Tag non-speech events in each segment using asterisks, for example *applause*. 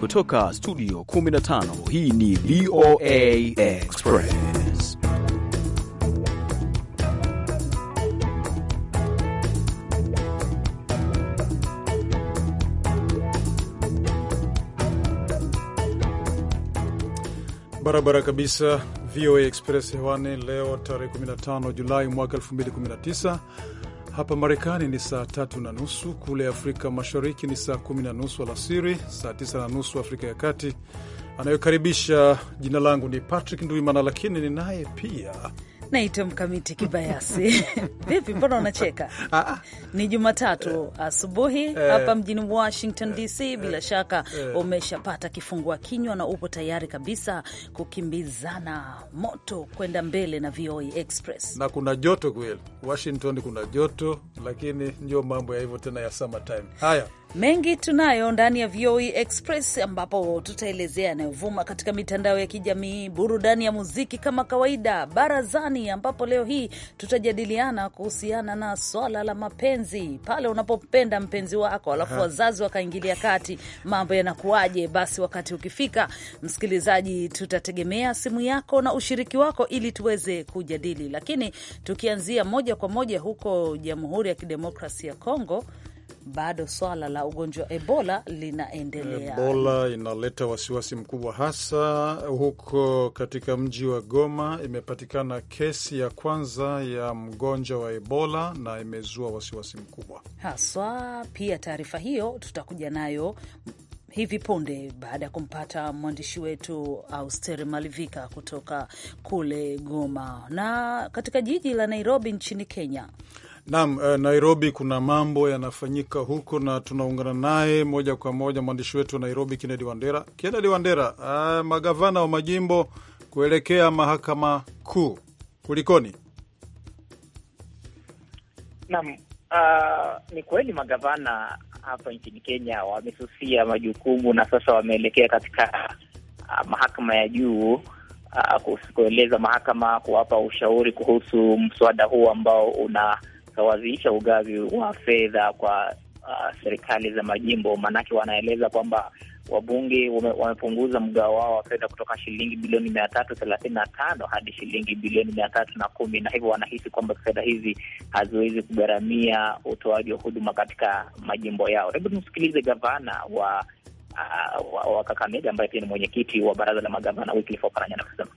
Kutoka studio 15 hii ni VOA Express. Barabara kabisa, VOA Express hewani leo tarehe 15 Julai mwaka 2019 hapa Marekani ni saa tatu na nusu, kule Afrika Mashariki ni saa kumi na nusu alasiri, saa tisa na nusu Afrika ya Kati. Anayokaribisha jina langu ni Patrick Nduimana, lakini ninaye pia Naitwa Mkamiti Kibayasi. *laughs* Vipi, mbona unacheka? Ah, ah. Ni Jumatatu asubuhi eh. hapa mjini Washington DC. Eh. Bila eh. shaka umeshapata kifungua kinywa na upo tayari kabisa kukimbizana moto kwenda mbele na VOA e Express. Na kuna joto kweli, Washington kuna joto, lakini ndio mambo ya hivyo tena ya summertime. Haya Mengi tunayo ndani ya VOA e Express ambapo tutaelezea yanayovuma katika mitandao ya kijamii, burudani ya muziki kama kawaida, barazani, ambapo leo hii tutajadiliana kuhusiana na swala la mapenzi. Pale unapopenda mpenzi wako alafu wazazi wakaingilia kati, mambo yanakuwaje? Basi wakati ukifika, msikilizaji, tutategemea simu yako na ushiriki wako ili tuweze kujadili, lakini tukianzia moja kwa moja huko Jamhuri ya Kidemokrasia ya Kongo bado swala la ugonjwa wa Ebola linaendelea. Ebola inaleta wasiwasi mkubwa, hasa huko katika mji wa Goma. Imepatikana kesi ya kwanza ya mgonjwa wa Ebola na imezua wasiwasi mkubwa haswa. Pia taarifa hiyo tutakuja nayo hivi punde baada ya kumpata mwandishi wetu Austeri Malivika kutoka kule Goma. Na katika jiji la Nairobi nchini Kenya Naam, eh, Nairobi kuna mambo yanafanyika huko, na tunaungana naye moja kwa moja mwandishi wetu wa Nairobi, Kennedy Wandera. Kennedy Wandera, uh, magavana wa majimbo kuelekea mahakama kuu, kulikoni? Naam, uh, ni kweli magavana hapa nchini Kenya wamesusia majukumu na sasa wameelekea katika uh, mahakama ya juu Uh, kueleza mahakama kuwapa ushauri kuhusu mswada huu ambao una kusawazisha ugavi wa fedha kwa uh, serikali za majimbo, maanake wanaeleza kwamba wabunge wamepunguza mgao wao wa fedha kutoka shilingi bilioni mia tatu thelathini na tano hadi shilingi bilioni mia tatu na kumi na hivyo wanahisi kwamba fedha hizi haziwezi kugharamia utoaji wa huduma katika majimbo yao. Hebu tumsikilize gavana wa uh, wa, wa Kakamega ambaye pia ni mwenyekiti wa baraza la magavana Wycliffe Oparanya anasema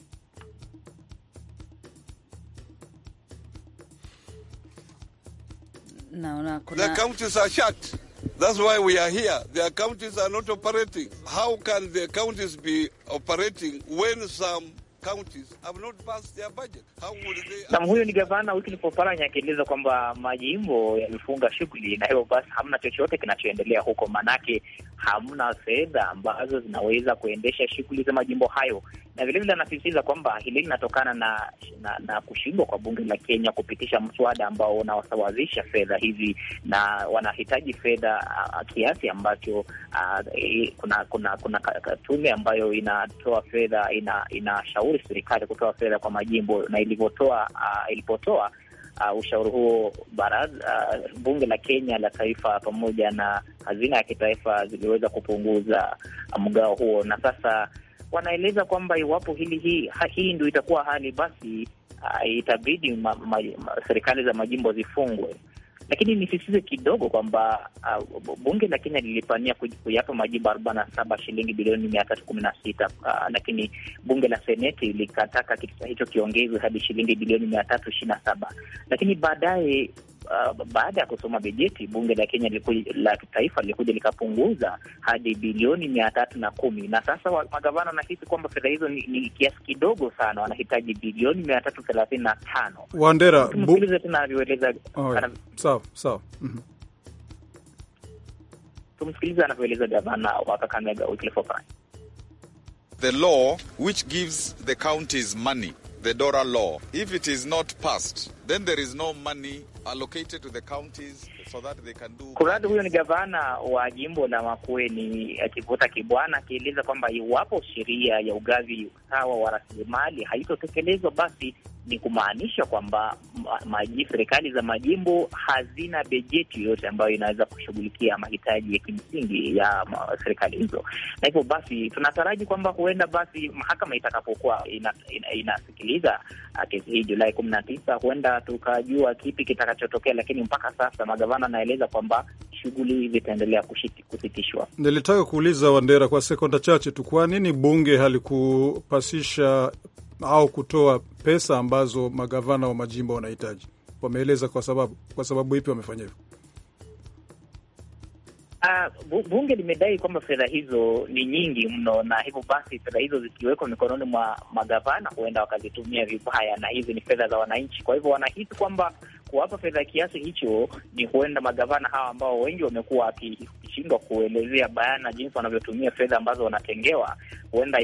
naona kuna the counties are shut That's why we are here. the counties are not operating. How can the counties be operating when some counties huyo ni gavana Wycliffe Oparanya akieleza kwamba majimbo yamefunga shughuli na hivyo basi hamna chochote kinachoendelea huko, manake hamna fedha ambazo zinaweza kuendesha shughuli za majimbo hayo na vilevile anasisitiza kwamba hili linatokana na, na, na kushindwa kwa bunge la Kenya kupitisha mswada ambao unawasawazisha fedha hizi, na wanahitaji fedha kiasi ambacho a, e, kuna kuna kuna tume ambayo inatoa fedha ina, inashauri serikali kutoa fedha kwa majimbo na ilivyotoa ilipotoa Uh, ushauri huo baraza uh, bunge la Kenya la taifa pamoja na hazina ya kitaifa ziliweza kupunguza mgao huo, na sasa wanaeleza kwamba iwapo hili hii, hii ndio itakuwa hali basi, uh, itabidi ma, ma, ma, serikali za majimbo zifungwe. Lakini nisisitize kidogo kwamba uh, bunge la Kenya lilipania kuyapa majimbo arobaini na saba shilingi bilioni mia tatu kumi na sita uh, lakini bunge la seneti likataka kitita hicho kiongezwe hadi shilingi bilioni mia tatu ishirini na saba lakini baadaye uh, baada ya kusoma bajeti bunge la Kenya liku, la taifa lilikuja likapunguza hadi bilioni mia tatu na kumi na sasa magavana wanahisi kwamba fedha hizo ni, ni kiasi kidogo sana, wanahitaji bilioni mia tatu thelathini na tano Wandera, mm-hmm. tumsikilize tena anavyoeleza gavana wa Kakamega Wycliffe Oparanya. The law which gives the counties money the DORA law. If it is not passed, then there is no money allocated to the counties so that they can do. Kurado huyo ni gavana wa jimbo la Makueni akivuta kibwana, akieleza kwamba iwapo sheria ya ugavi sawa wa rasilimali haitotekelezwa, basi ni kumaanisha kwamba serikali za majimbo hazina bajeti yoyote ambayo inaweza kushughulikia mahitaji ya kimsingi ya serikali hizo, na hivyo basi tunataraji kwamba huenda basi mahakama itakapokuwa inasikiliza ina, ah, kesi hii Julai kumi na tisa, huenda tukajua kipi kitakachotokea, lakini mpaka sasa magavana anaeleza kwamba shughuli zitaendelea kusitishwa. Nilitaka kuuliza Wandera kwa sekonda chache tu, kwa nini bunge halikupasisha au kutoa pesa ambazo magavana wa majimbo wanahitaji? Wameeleza kwa sababu, kwa sababu ipi wamefanya hivyo? Uh, bunge limedai kwamba fedha hizo ni nyingi mno, na hivyo basi fedha hizo zikiwekwa mikononi mwa magavana huenda wakazitumia vibaya, na hizi ni fedha za wananchi. Kwa hivyo wanahisi kwamba kuwapa fedha kiasi hicho ni huenda magavana hawa ambao wengi wamekuwa wanashindwa kuelezea bayana jinsi wanavyotumia fedha ambazo wanatengewa, huenda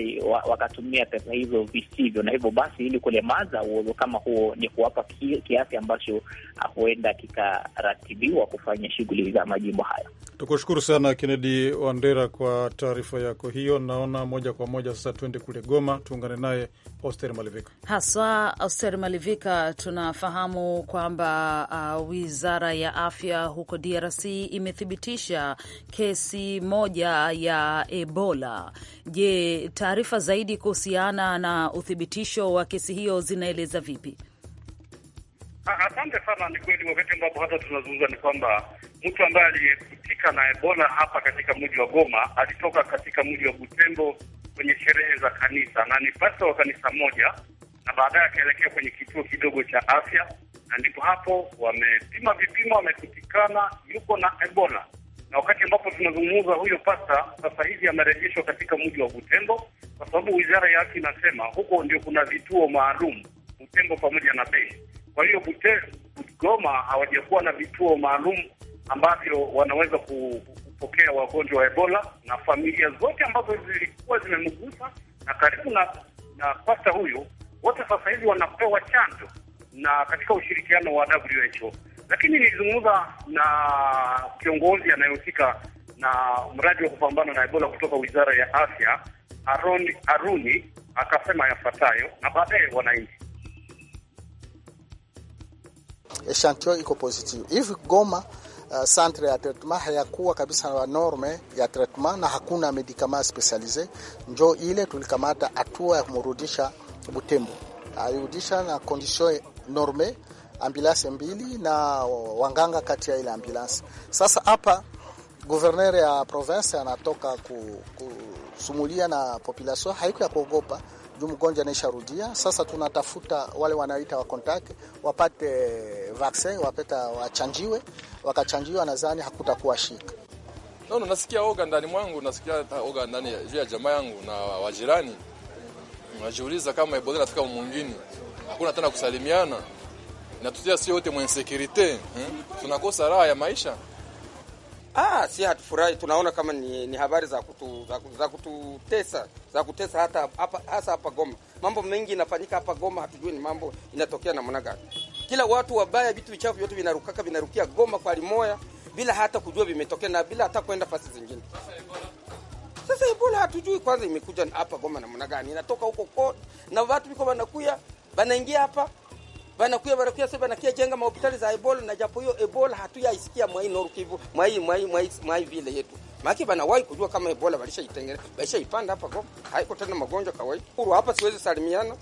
wakatumia pesa hizo visivyo, na hivyo basi, ili kulemaza uozo kama huo, ni kuwapa kiasi ambacho huenda kikaratibiwa kufanya shughuli za majimbo hayo. Tukushukuru sana Kennedy Wandera kwa taarifa yako hiyo. Naona moja kwa moja sasa tuende kule Goma, tuungane naye Oster Malivika. Haswa Oster Malivika, tunafahamu kwamba uh, wizara ya afya huko DRC imethibitisha kesi moja ya Ebola. Je, taarifa zaidi kuhusiana na uthibitisho wa kesi hiyo zinaeleza vipi? Asante sana. Ni kweli, wakati ambapo hata tunazungumza ni kwamba mtu ambaye aliyekutika na Ebola hapa katika mji wa Goma alitoka katika mji wa Butembo kwenye sherehe za kanisa na ni pasta wa kanisa moja, na baadaye akaelekea kwenye kituo kidogo cha afya, na ndipo hapo wamepima vipimo, wamekutikana yuko na Ebola na wakati ambapo tunazungumza, huyo pasta sasa hivi amerejeshwa katika mji wa Butembo, kwa sababu wizara ya haki inasema huko ndio kuna vituo maalum Butembo pamoja na Beni. Kwa hiyo Goma hawajakuwa na vituo maalum ambavyo wanaweza kupokea wagonjwa wa Ebola na familia zote ambazo zilikuwa zimemgusa na karibu na, na pasta huyo, wote sasa hivi wanapewa chanjo na katika ushirikiano wa WHO. Lakini nilizungumza na kiongozi anayehusika na mradi wa kupambana na Ebola kutoka Wizara ya Afya, Aruni, akasema yafuatayo na baadaye wananchi eshantio iko positive hivi Goma. Uh, centre ya treatment hayakuwa kabisa na norme ya treatment na hakuna medikama specialise, njo ile tulikamata hatua ya kumrudisha Butembo, airudisha na condition norme ambulance mbili na wanganga kati ya ile ambulance. Sasa hapa guverner ya province anatoka kusumulia na population haiko ya kuogopa juu mgonjwa rudia. Sasa tunatafuta wale wanaoita wa contact wapate vaccin, wapeta wachanjiwe, wakachanjiwa, nadhani hakutakuwa shika. No, no, nasikia oga ndani mwangu, nasikia oga ndani juu ya jamaa yangu na wajirani. Najiuliza kama Ebola nafika mwingine, hakuna tena kusalimiana natutia sio wote mwenye sekurite hmm? Tunakosa raha ya maisha. Ah, si hatufurahi, tunaona kama ni, ni habari za kutu, za, za kututesa za kutesa hata hapa, hasa hapa Goma. Mambo mengi inafanyika hapa Goma, hatujui ni mambo inatokea namna gani. Kila watu wabaya, vitu vichafu vyote vinarukaka vinarukia Goma kwa limoya bila hata kujua vimetokea na bila hata kwenda fasi zingine. Sasa Ebola hatujui kwanza imekuja hapa Goma namna gani, inatoka huko na watu viko wanakuya wanaingia hapa banakuya barakuya sasa banakia jenga mahospitali za Ebola, na japo hiyo Ebola hatuyaisikia mwai Noru Kivu, mwai mwai mwai mwai vile yetu maki bana wai kujua kama Ebola walishaitengeneza ipanda hapa kwa haiko tena magonjwa kawaida huru hapa, siwezi salimiana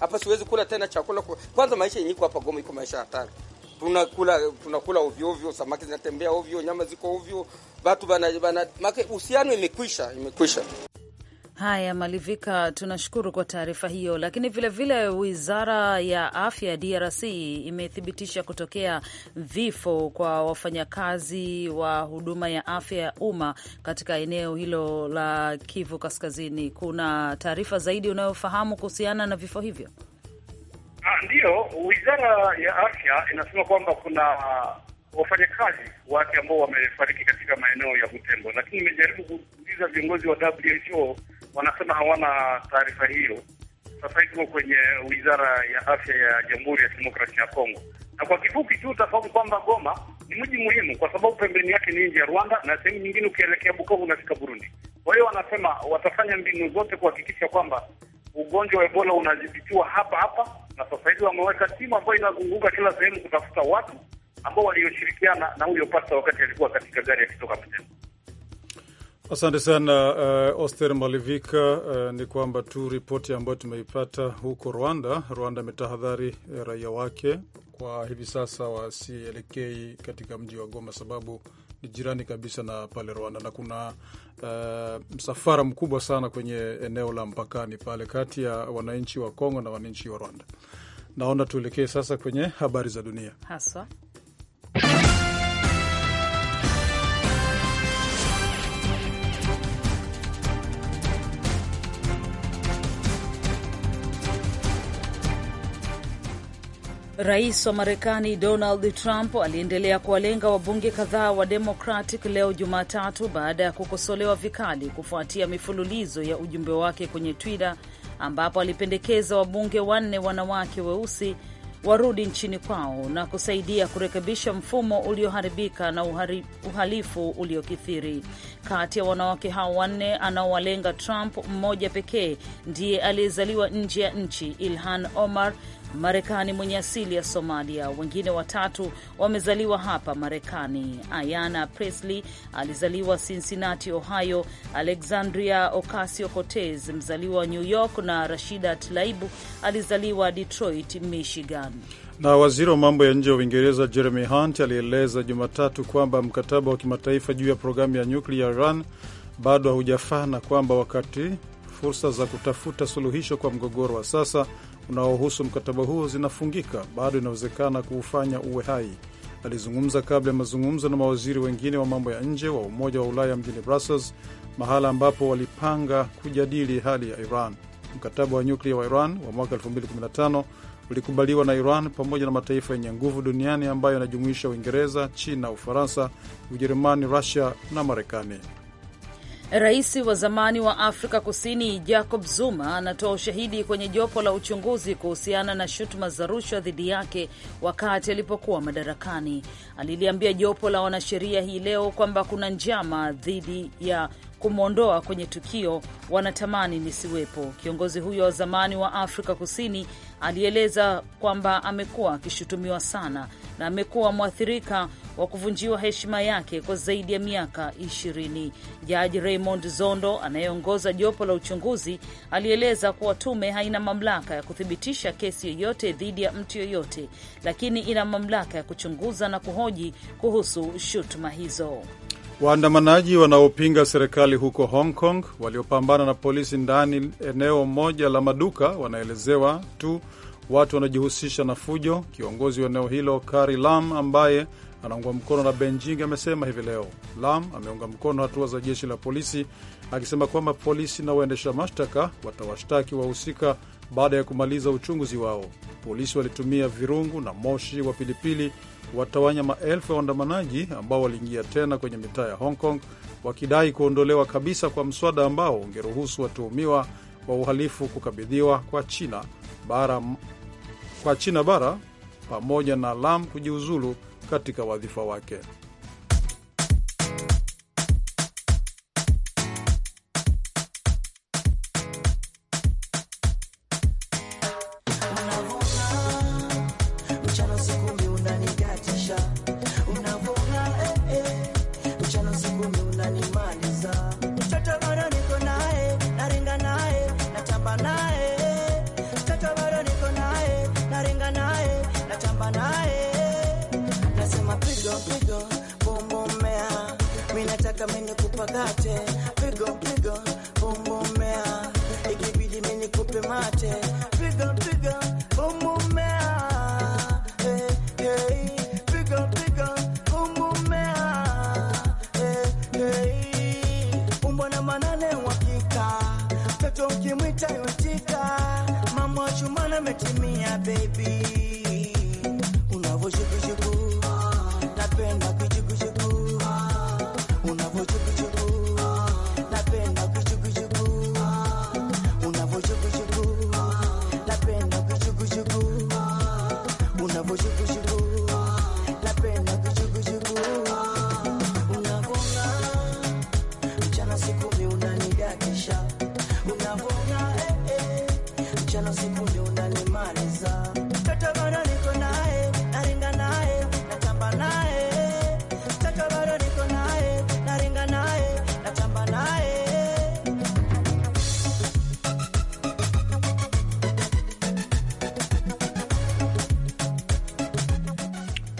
hapa, siwezi kula tena chakula kwa. Kwanza maisha yenyiko hapa Goma iko maisha hatari, tunakula tunakula ovyo ovyo, samaki zinatembea ovyo, nyama ziko ovyo, watu bana bana maki uhusiano imekwisha, imekwisha. Haya, Malivika, tunashukuru kwa taarifa hiyo. Lakini vilevile vile wizara ya afya ya DRC imethibitisha kutokea vifo kwa wafanyakazi wa huduma ya afya ya umma katika eneo hilo la Kivu Kaskazini. Kuna taarifa zaidi unayofahamu kuhusiana na vifo hivyo? Ah, Ndiyo, wizara ya afya inasema kwamba kuna wafanyakazi wake ambao wamefariki katika maeneo ya Butembo, lakini imejaribu kuuliza viongozi wa WHO wanasema hawana taarifa hiyo. Sasa hii tuko kwenye wizara ya afya ya Jamhuri ya Kidemokrasia ya Kongo, na kwa kifupi tu utafahamu kwamba Goma ni mji muhimu kwa sababu pembeni yake ni nji ya Rwanda na sehemu nyingine ukielekea Bukavu unafika Burundi. Kwa hiyo wanasema watafanya mbinu zote kuhakikisha kwamba ugonjwa wa Ebola unadhibitiwa hapa hapa, na sasa hivi wameweka timu ambayo inazunguka kila sehemu kutafuta watu ambao walioshirikiana na huyo pasta wakati alikuwa katika gari akitoka Butembo. Asante sana uh, Oster Malivika. Uh, ni kwamba tu ripoti ambayo tumeipata huko Rwanda. Rwanda ametahadhari uh, raia wake kwa hivi sasa wasielekei katika mji wa Goma sababu ni jirani kabisa na pale Rwanda na kuna uh, msafara mkubwa sana kwenye eneo la mpakani pale kati ya wananchi wa Kongo na wananchi wa Rwanda. Naona tuelekee sasa kwenye habari za dunia haswa. Rais wa Marekani Donald Trump aliendelea kuwalenga wabunge kadhaa wa Democratic leo Jumatatu baada ya kukosolewa vikali kufuatia mifululizo ya ujumbe wake kwenye Twitter ambapo alipendekeza wabunge wanne wanawake weusi warudi nchini kwao na kusaidia kurekebisha mfumo ulioharibika na uhari, uhalifu uliokithiri. Kati ya wanawake hao wanne anaowalenga Trump, mmoja pekee ndiye aliyezaliwa nje ya nchi, Ilhan Omar Marekani mwenye asili ya Somalia. Wengine watatu wamezaliwa hapa Marekani. Ayana Presley alizaliwa Cincinnati, Ohio. Alexandria Ocasio Cortez mzaliwa wa New York, na Rashida Tlaib alizaliwa Detroit, Michigan. Na waziri wa mambo ya nje wa Uingereza Jeremy Hunt alieleza Jumatatu kwamba mkataba wa kimataifa juu ya programu ya nyuklia Iran bado haujafaa na kwamba wakati fursa za kutafuta suluhisho kwa mgogoro wa sasa unaohusu mkataba huo zinafungika, bado inawezekana kuufanya uwe hai. Alizungumza kabla ya mazungumzo na mawaziri wengine wa mambo ya nje wa Umoja wa Ulaya mjini Brussels, mahala ambapo walipanga kujadili hali ya Iran. Mkataba wa nyuklia wa Iran wa mwaka 2015 ulikubaliwa na Iran pamoja na mataifa yenye nguvu duniani ambayo yanajumuisha Uingereza, China, Ufaransa, Ujerumani, Rusia na Marekani. Rais wa zamani wa Afrika Kusini Jacob Zuma anatoa ushahidi kwenye jopo la uchunguzi kuhusiana na shutuma za rushwa dhidi yake wakati alipokuwa madarakani. Aliliambia jopo la wanasheria hii leo kwamba kuna njama dhidi ya kumwondoa kwenye tukio wanatamani lisiwepo. Kiongozi huyo wa zamani wa Afrika Kusini alieleza kwamba amekuwa akishutumiwa sana na amekuwa mwathirika wa kuvunjiwa heshima yake kwa zaidi ya miaka ishirini. Jaji Raymond Zondo anayeongoza jopo la uchunguzi alieleza kuwa tume haina mamlaka ya kuthibitisha kesi yoyote dhidi ya mtu yoyote, lakini ina mamlaka ya kuchunguza na kuhoji kuhusu shutuma hizo. Waandamanaji wanaopinga serikali huko Hong Kong waliopambana na polisi ndani eneo moja la maduka wanaelezewa tu watu wanajihusisha na fujo. Kiongozi wa eneo hilo Carrie Lam ambaye anaungwa mkono na Beijing amesema hivi leo. Lam ameunga mkono hatua za jeshi la polisi akisema kwamba polisi na waendesha mashtaka watawashtaki wahusika baada ya kumaliza uchunguzi wao. Polisi walitumia virungu na moshi wa pilipili watawanya maelfu ya waandamanaji ambao waliingia tena kwenye mitaa ya Hong Kong wakidai kuondolewa kabisa kwa mswada ambao ungeruhusu watuhumiwa wa uhalifu kukabidhiwa kwa China bara, kwa China bara pamoja na Lam kujiuzulu katika wadhifa wake. nipe mate piga piga umumea eh, eh, piga piga umumea eh, eh, umbo na manane wakika mtoto ukimwita yotika mama chumana ametimia baby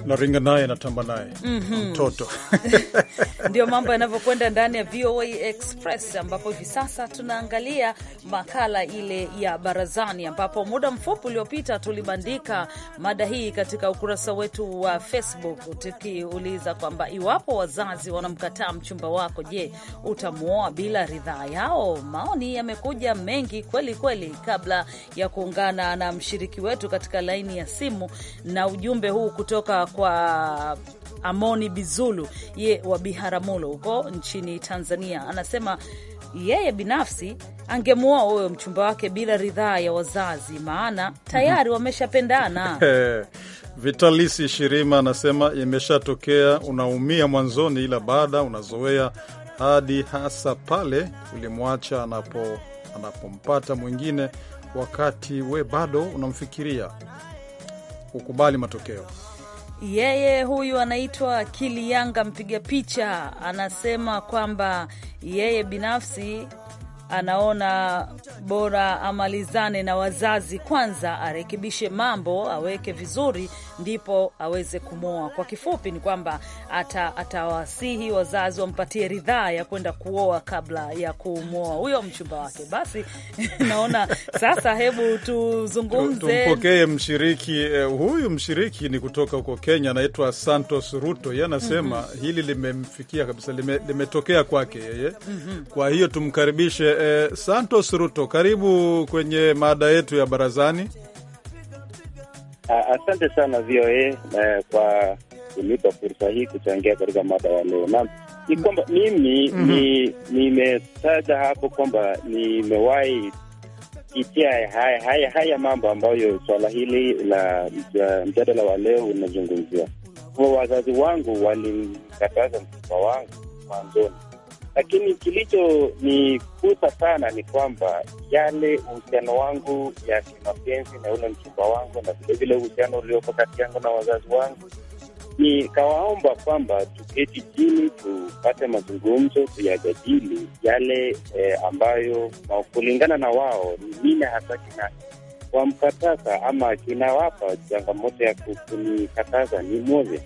Naringa naye natamba naye mhm. mtoto mm *laughs* -hmm. Ndio mambo yanavyokwenda ndani ya VOA Express, ambapo hivi sasa tunaangalia makala ile ya barazani, ambapo muda mfupi uliopita tulibandika mada hii katika ukurasa wetu wa Facebook tukiuliza kwamba iwapo wazazi wanamkataa mchumba wako, je, utamwoa bila ridhaa yao? Maoni yamekuja mengi kweli kweli, kabla ya kuungana na mshiriki wetu katika laini ya simu na ujumbe huu kutoka kwa Amoni Bizulu ye wa Biharamulo huko nchini Tanzania, anasema yeye binafsi angemwoa huyo mchumba wake bila ridhaa ya wazazi, maana tayari mhm. wameshapendana. *laughs* Vitalisi Shirima anasema imeshatokea, unaumia mwanzoni, ila baada unazoea hadi hasa pale ulimwacha anapo anapompata mwingine, wakati we bado unamfikiria. Ukubali matokeo. Yeye huyu anaitwa yanga mpiga picha, anasema kwamba yeye binafsi anaona bora amalizane na wazazi kwanza, arekebishe mambo, aweke vizuri ndipo aweze kumoa. Kwa kifupi ni kwamba atawasihi ata wazazi wampatie ridhaa ya kwenda kuoa kabla ya kumwoa huyo mchumba wake. Basi *laughs* naona sasa, hebu tuzungumze, tumpokee mshiriki eh, huyu. Mshiriki ni kutoka huko Kenya, anaitwa Santos Ruto. Ye anasema mm -hmm. hili limemfikia kabisa, lime, limetokea kwake yeye mm -hmm. Kwa hiyo tumkaribishe eh, Santos Ruto, karibu kwenye mada yetu ya barazani. Asante sana VOA eh, kwa kunipa fursa hii kuchangia katika mada ya leo. Naam, ni kwamba mimi mhm. nimetaja hapo kwamba nimewahi pitia haya haya haya mambo ambayo swala hili la mjadala wa leo unazungumzia. wazazi wangu walimkataza mtoto wangu mwanzoni lakini kilicho ni kusa sana ni kwamba yale uhusiano wangu ya kimapenzi na yule mchumba wangu na vilevile uhusiano uliopo kati yangu na wazazi wangu, nikawaomba kwamba tuketi chini, tupate mazungumzo, tuyajadili yale eh, ambayo kulingana na wao ni nini hasa kina wamkataza ama kinawapa changamoto ya kunikataza ni moja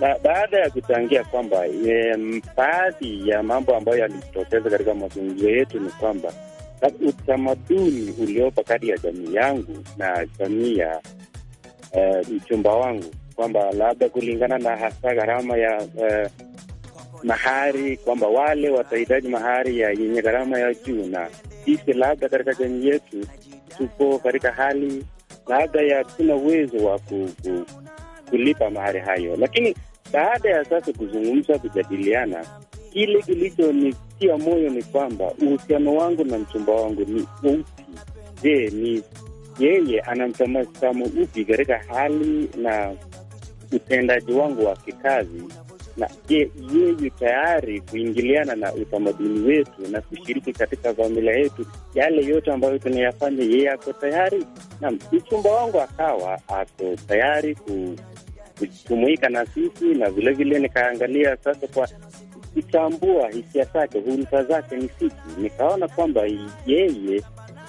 Ba baada ya kuchangia kwamba baadhi ya mambo ambayo yalijitokeza katika mazungumzo yetu ni kwamba utamaduni uliopo kati ya jamii yangu na jamii ya eh, mchumba wangu kwamba labda kulingana na hasa gharama ya eh, mahari kwamba wale watahitaji mahari ya yenye gharama ya juu, na sisi labda katika jamii yetu tupo katika hali labda ya tuna uwezo wa ku, ku kulipa mahari hayo. Lakini baada ya sasa kuzungumza, kujadiliana, kile kilichonitia moyo ni kwamba uhusiano wangu na mchumba wangu ni upi? Je, ni yeye anamtamasamu upi katika hali na utendaji wangu wa kikazi na je, yeye tayari kuingiliana na utamaduni wetu na kushiriki katika familia yetu, yale yote ambayo tunayafanya, yeye ako tayari? Na mchumba wangu akawa ako tayari ku kujumuika na sisi, na vilevile nikaangalia sasa kwa kuchambua hisia zake, hulka zake, siki, nikaona kwamba yeye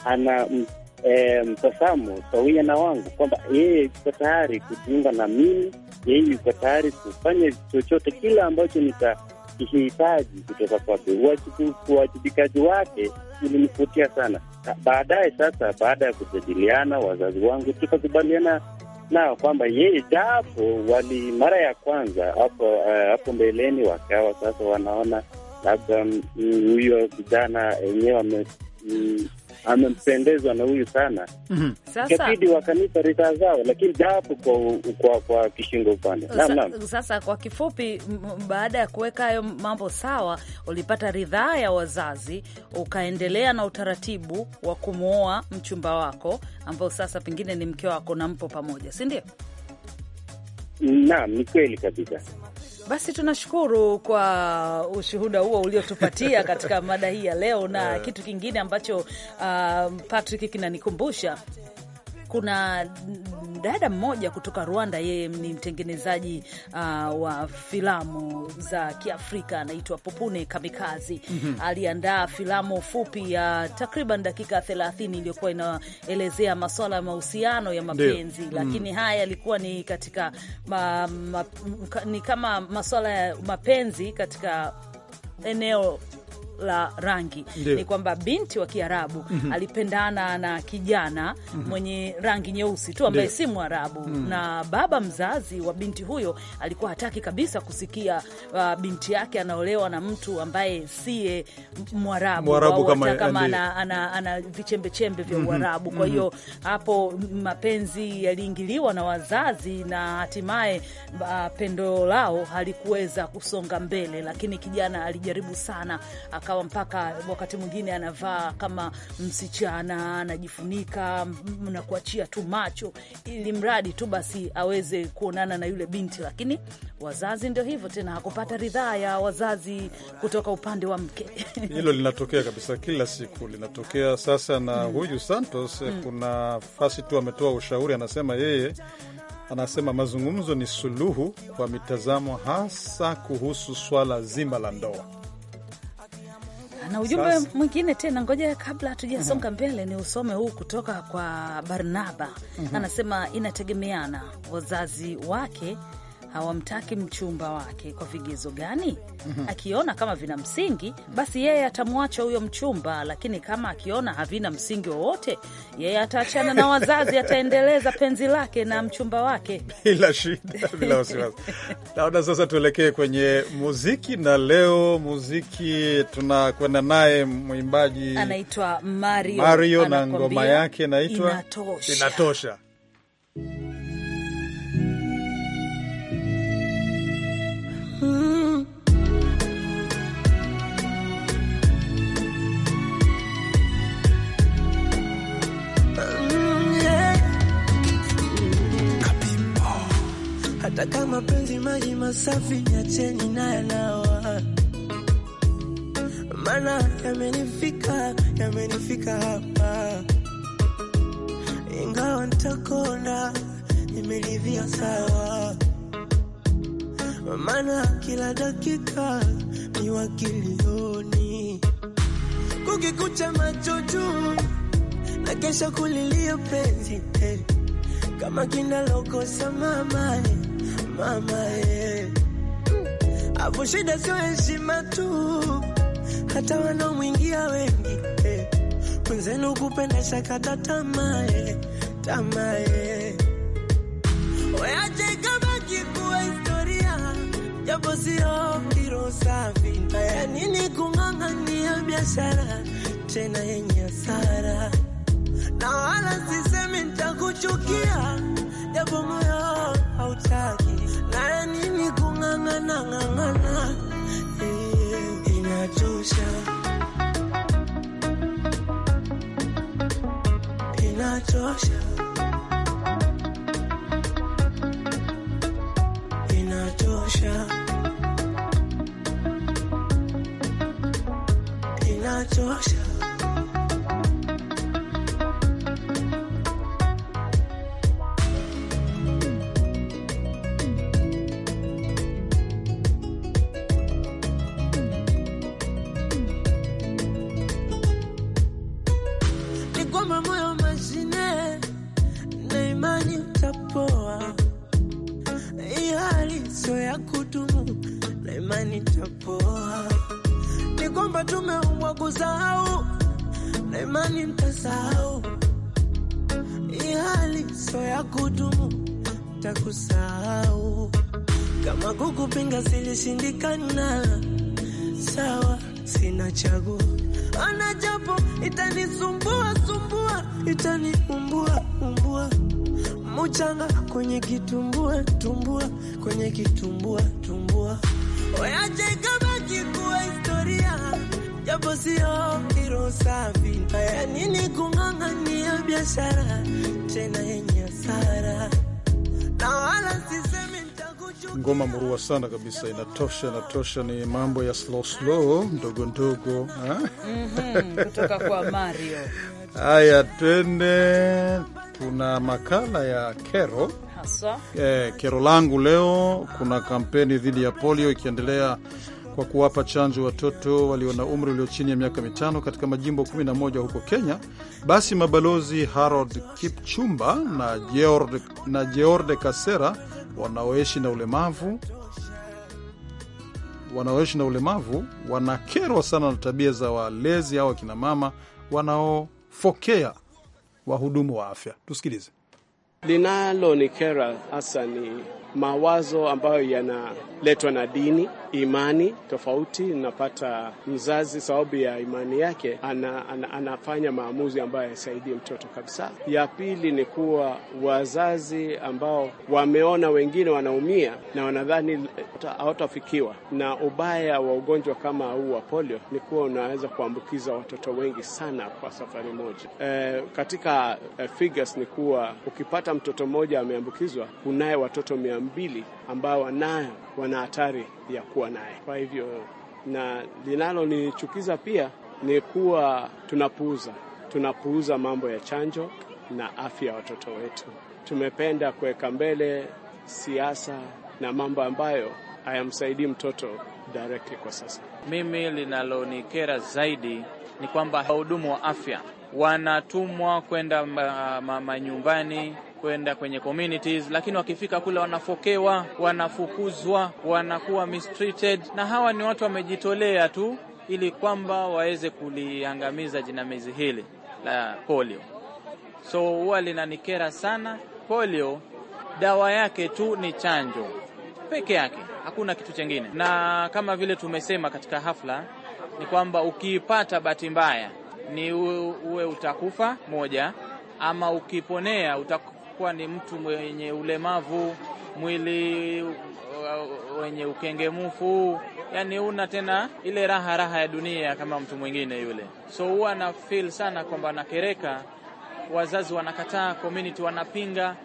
ana e, mtazamo sawia na wangu, kwamba yeye yuko tayari kujiunga na mimi, yeye yuko tayari kufanya chochote kile ambacho nitakihitaji kutoka kwake. Uwajibikaji wake ulinivutia sana. Baadaye sasa, baada ya kujadiliana, wazazi wangu tukakubaliana na kwamba yeye japo wali mara ya kwanza hapo eh, hapo uh, mbeleni wakawa sasa wanaona labda mm, huyo vijana enyewe mm, amempendezwa na huyu sana mm -hmm. ridhaa zao, lakini japo kwa, kwa, kwa kishingo upande naam, Sasa kwa kifupi, baada ya kuweka hayo mambo sawa, ulipata ridhaa ya wazazi, ukaendelea na utaratibu wa kumwoa mchumba wako ambao sasa pengine ni mke wako na mpo pamoja, si ndio? Naam, ni kweli kabisa. Basi tunashukuru kwa ushuhuda huo uliotupatia *laughs* katika mada hii ya leo, na eh. kitu kingine ambacho uh, Patrick kinanikumbusha kuna dada mmoja kutoka Rwanda, yeye ni mtengenezaji uh, wa filamu za Kiafrika, anaitwa Popune Kamikazi. mm -hmm. Aliandaa filamu fupi ya takriban dakika 30 iliyokuwa inaelezea maswala ya mahusiano ya mapenzi Deo. Mm. Lakini mm. haya yalikuwa ni katika ma, ma, ni kama maswala ya mapenzi katika eneo la rangi Ndiyo. Ni kwamba binti wa Kiarabu mm -hmm. alipendana na kijana mm -hmm. mwenye rangi nyeusi tu ambaye si Mwarabu mm -hmm. na baba mzazi wa binti huyo alikuwa hataki kabisa kusikia uh, binti yake anaolewa na mtu ambaye siye Mwarabu, Mwarabu kama, kama ana, ana, ana vichembechembe vya mhm. Uarabu mm -hmm. kwa mhm. hiyo hapo mapenzi yaliingiliwa na wazazi na hatimaye uh, pendo lao halikuweza kusonga mbele, lakini kijana alijaribu sana akawa mpaka wakati mwingine anavaa kama msichana, anajifunika na kuachia tu macho, ili mradi tu basi aweze kuonana na yule binti. Lakini wazazi ndio hivyo tena, hakupata ridhaa ya wazazi kutoka upande wa mke. *laughs* Hilo linatokea kabisa, kila siku linatokea. Sasa na hmm. huyu Santos eh, hmm. kuna fasi tu ametoa ushauri, anasema yeye anasema mazungumzo ni suluhu kwa mitazamo, hasa kuhusu swala zima la ndoa na ujumbe mwingine tena, ngoja kabla hatujasonga mm -hmm. mbele, ni usome huu kutoka kwa Barnaba mm -hmm. Anasema inategemeana, wazazi wake hawamtaki mchumba wake kwa vigezo gani? *laughs* Akiona kama vina msingi, basi yeye atamwacha huyo mchumba, lakini kama akiona havina msingi wowote, yeye ataachana na wazazi, ataendeleza penzi lake na mchumba wake *laughs* bila shida, bila wasiwasi. Naona sasa tuelekee kwenye muziki, na leo muziki tunakwenda naye mwimbaji anaitwa Mario, Mario na ngoma yake naitwa Inatosha, Inatosha. kama penzi maji masafi, cheni na yanawa, mana yamenifika, yamenifika hapa, ingawa ntakona nimelivia sawa, mana kila dakika ni wakilioni, kukikucha macho juu na kesha kulilia penzi eh, kama kinalokosa mama eh mama eh. Hapo shida sio heshima tu, hata wanaomwingia wengi eh. Mwenzenu kupenda shakata tamaa eh, tamaa eh. kuwa historia, japo sio hilo safi. Haya nini kung'ang'ania biashara tena yenye hasara, na wala sisemi nitakuchukia, japo moyo hautaki na nini kung'ang'ana ng'ang'ana, hey, eh, eh, inachosha inachosha inachosha inachosha. tumbua tumbua kwenye kitumbua tumbua, wacha ikabaki kuwa historia, japo sio kiro safi. Haya nini kung'ang'ania biashara tena yenye hasara, na wala sisemi Ngoma murua sana kabisa, inatosha inatosha. Ni mambo ya slow slow ndogo ndogo mm -hmm, kutoka kwa Mario. *laughs* Haya, twende, tuna makala ya kero haswa. Eh, kero langu leo, kuna kampeni dhidi ya polio ikiendelea kwa kuwapa chanjo watoto walio na umri ulio chini ya miaka mitano katika majimbo 11 huko Kenya. Basi mabalozi Harold Kipchumba na Geord, na George Kasera wanaoishi na ulemavu wanaoishi na ulemavu wanakerwa sana na tabia za walezi au akinamama wanaofokea wahudumu wa afya. Tusikilize. Linalonikera hasa ni mawazo ambayo yanaletwa na dini imani tofauti. Napata mzazi sababu ya imani yake ana, ana, anafanya maamuzi ambayo yasaidie mtoto kabisa. Ya pili ni kuwa wazazi ambao wameona wengine wanaumia na wanadhani hawatafikiwa na ubaya wa ugonjwa kama huu wa polio ni kuwa unaweza kuambukiza watoto wengi sana kwa safari moja. E, katika e, figures ni kuwa ukipata mtoto mmoja ameambukizwa, kunaye watoto mia mbili ambao wanayo wana hatari ya kuwa naye. Kwa hivyo, na linalonichukiza pia ni kuwa tunapuuza tunapuuza mambo ya chanjo na afya ya watoto wetu. Tumependa kuweka mbele siasa na mambo ambayo hayamsaidii mtoto directly kwa sasa. Mimi linalonikera zaidi ni kwamba wahudumu wa afya wanatumwa kwenda manyumbani ma, ma kwenda kwenye communities, lakini wakifika kule wanafokewa, wanafukuzwa, wanakuwa mistreated, na hawa ni watu wamejitolea tu ili kwamba waweze kuliangamiza jinamizi hili la polio. So huwa linanikera sana polio. Dawa yake tu ni chanjo peke yake, hakuna kitu chengine. Na kama vile tumesema katika hafla, ni kwamba ukiipata bahati mbaya ni uwe utakufa moja, ama ukiponea utakufa kuwa ni mtu mwenye ulemavu, mwili uh, wenye ukengemufu, yani una tena ile raha raha ya dunia kama mtu mwingine yule. So huwa na feel sana kwamba nakereka, wazazi wanakataa, community wanapinga,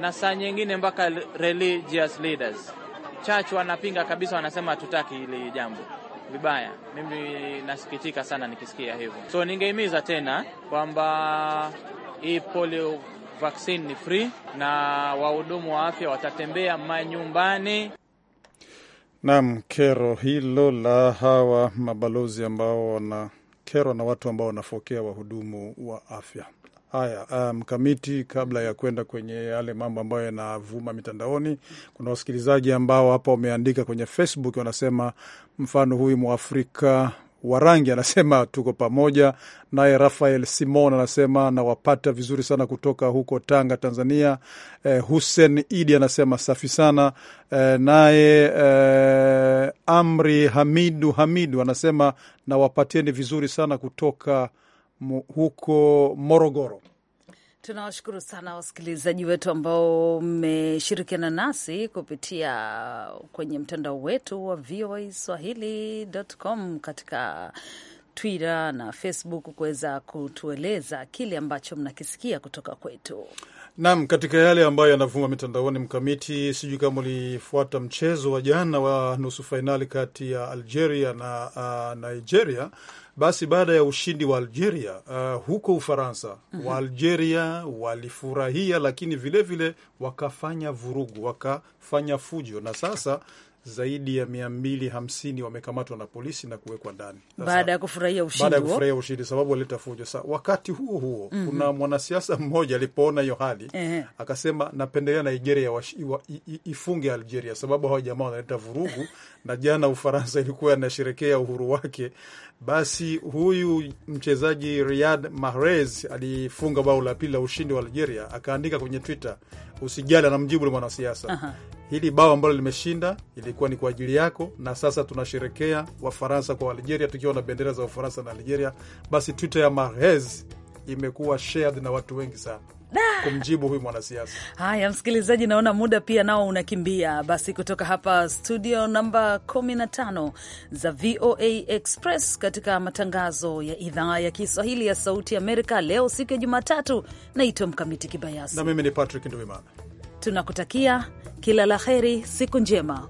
na saa nyingine mpaka religious leaders church wanapinga kabisa, wanasema hatutaki hili jambo vibaya. Mimi nasikitika sana nikisikia hivyo, so ningehimiza tena kwamba hii polio vaccine ni free na wahudumu wa afya watatembea manyumbani. Naam, kero hilo la hawa mabalozi ambao wanakerwa na watu ambao wanafokea wahudumu wa afya. Haya, um, mkamiti, um, kabla ya kwenda kwenye yale mambo ambayo yanavuma mitandaoni, kuna wasikilizaji ambao hapa wameandika kwenye Facebook, wanasema mfano huyu Mwafrika Warangi anasema tuko pamoja naye. Rafael Simon anasema nawapata vizuri sana kutoka huko Tanga, Tanzania. Eh, Hussein Idi anasema safi sana eh, naye eh, Amri Hamidu Hamidu anasema nawapatieni vizuri sana kutoka huko Morogoro. Tunawashukuru sana wasikilizaji wetu ambao mmeshirikiana nasi kupitia kwenye mtandao wetu wa VOA Swahili.com katika Twitter na Facebook kuweza kutueleza kile ambacho mnakisikia kutoka kwetu. Naam, katika yale ambayo yanavuma mitandaoni, Mkamiti, sijui kama ulifuata mchezo wa jana wa nusu fainali kati ya Algeria na uh, Nigeria basi baada ya ushindi wa Algeria uh, huko Ufaransa mm -hmm. Waalgeria walifurahia, lakini vilevile vile wakafanya vurugu, wakafanya fujo na sasa zaidi ya mia mbili hamsini wamekamatwa na polisi na kuwekwa ndani baada ya kufurahia ushindi, ushindi sababu walileta fujo. Sa wakati huo huo mm -hmm. kuna mwanasiasa mmoja alipoona hiyo hali mm -hmm. akasema, napendelea Nigeria wa, wa, ifunge Algeria sababu hawa jamaa wanaleta vurugu *laughs* na jana Ufaransa ilikuwa inasherekea uhuru wake basi huyu mchezaji Riyad Mahrez alifunga bao la pili la ushindi wa Algeria, akaandika kwenye Twitter, usijali, anamjibu mwanasiasa Hili bao ambalo limeshinda ilikuwa ni kwa ajili yako, na sasa tunasherekea Wafaransa kwa Algeria, tukiwa na bendera za Ufaransa na Algeria. Basi Twitter ya Mahrez imekuwa shared na watu wengi sana kumjibu huyu mwanasiasa. Haya, msikilizaji, naona muda pia nao unakimbia. Basi kutoka hapa studio namba 15 za VOA Express katika matangazo ya idhaa ya Kiswahili ya Sauti Amerika leo siku ya Jumatatu, naitwa Mkamiti Kibayasi na mimi ni Patrick Nduimana. Tunakutakia kila la heri, siku njema.